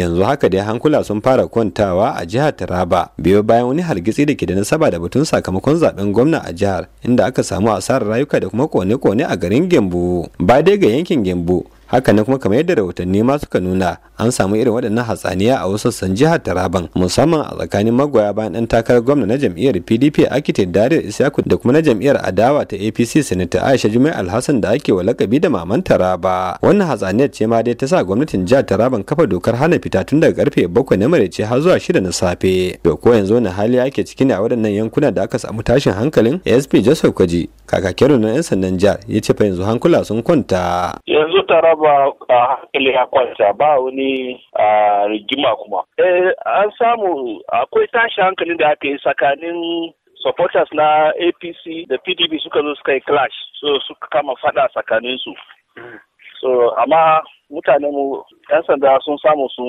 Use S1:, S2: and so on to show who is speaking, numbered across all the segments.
S1: yanzu haka dai hankula sun fara kwantawa a jihar taraba biyo bayan wani hargitsi da ke da nasaba da batun sakamakon zaben gwamna a jihar inda aka samu asarar rayuka da kuma kone-kone a garin gembu ba dai ga yankin gembu haka na kuma kamar yadda rahotanni ma suka nuna an samu irin waɗannan hatsaniya a wasu sassan jihar Taraban musamman a tsakanin magoya bayan ɗan takarar gwamna na jam'iyyar PDP Akite dariyar Isyaku da kuma na jam'iyyar adawa ta APC Sanata Aisha Jumai Alhassan da ake wa lakabi da maman Taraba. Wannan hatsaniyar ce ma dai ta sa gwamnatin jihar Taraban kafa dokar hana fita tun daga karfe bakwai na maraice har zuwa shida na safe. To ko yanzu wani hali ake ciki ne a waɗannan yankuna da aka samu tashin hankalin ASP Joseph Kwaji kakakin na 'yan sandan jihar ya ce fa yanzu hankula sun kwanta.
S2: Yanzu Taraba a hankali ya kwanta ba wani a rigima kuma. Eh, an samu akwai tashi hankalin da aka yi tsakanin supporters na APC da PDP suka zo suka yi clash so suka kama fada tsakanin su. Mm. So amma mutanenmu 'yan sanda sun samu sun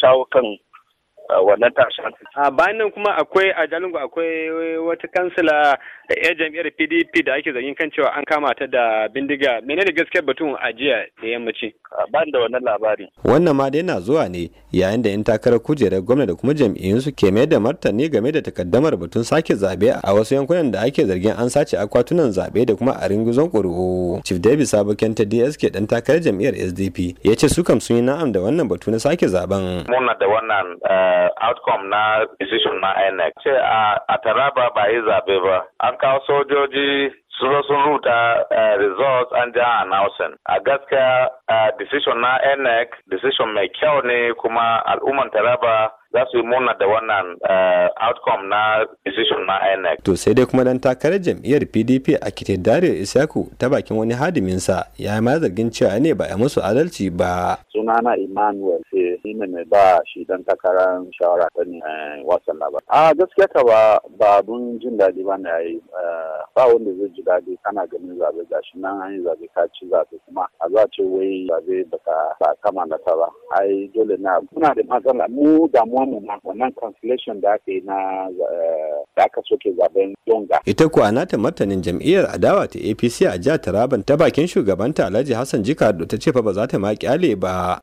S2: shawo kan Ah, wannan ta A
S1: ah, bayan nan kuma akwai a Jalingo akwai wata kansila da ya jam'iyyar PDP da ake zargin kan cewa an kama ta da bindiga menene gaskiyar batun a jiya da yammaci. Ah, bayan da wannan labari. Wannan ma dai na zuwa ne yayin da yan takarar kujerar gwamna da kuma jam'iyyun su ke mayar da martani game da takaddamar batun sake zabe a wasu yankunan da ake zargin an sace akwatunan zabe da kuma a ringuzon ƙuri'u. Chief David ta DSK dan takarar jam'iyyar SDP ya ce su kam sun yi na'am da wannan batu na sake zaben.
S3: Muna da wannan eh, Uh, outcome na decision na INEC. Ce a Taraba ba yi zabe ba. An kawo sojoji sun sun rubuta uh, results an ja announcing. A gaskiya uh, decision na INEC decision mai kyau ne kuma al'umman Taraba za su yi murna da wannan eh, outcome na decision na INEC.
S1: To sai dai kuma dan takarar jam'iyyar PDP a kitin Dare Isaku ta bakin wani hadimin sa ya yi ma zargin cewa ne ba a musu adalci ba.
S4: Sunana Emmanuel ce eh, shi ne mai ba shi dan takarar shawara ta ne eh, wasan labar. A gaskiya ka ba ba abun jin daɗi ba ne yayi ba wanda zai ji daɗi kana ganin zabe gashi nan an yi zabe ka ci zabe kuma a za ce wai zabe baka ba kama na ta ba. Ai dole na muna da matsala mu damuwa wannan wannan cancellation da ake na eh, da aka soke zaben donga.
S1: Ita kuwa nata martanin jam'iyyar adawa ta APC a jihar Taraban ta bakin shugabanta Alhaji Hassan Jikado ta ce fa ba za ta ma ba.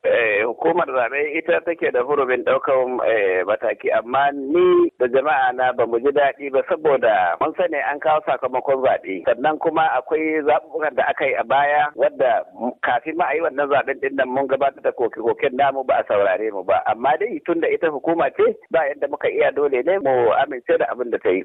S2: hukumar zaɓe ita take da hurumin ɗaukar eh, mataki amma ni da jama'a na ba mu ji daɗi ba saboda mun sani an kawo sakamakon zaɓe sannan kuma akwai zaɓuɓɓukan da aka yi a baya wadda kafin ma a yi wannan zaɓen ɗin nan mun gabatar da koke-koken namu ba a saurare mu ba amma dai tun da ita hukuma ce ba yadda muka iya dole ne mu amince da abin da ta yi.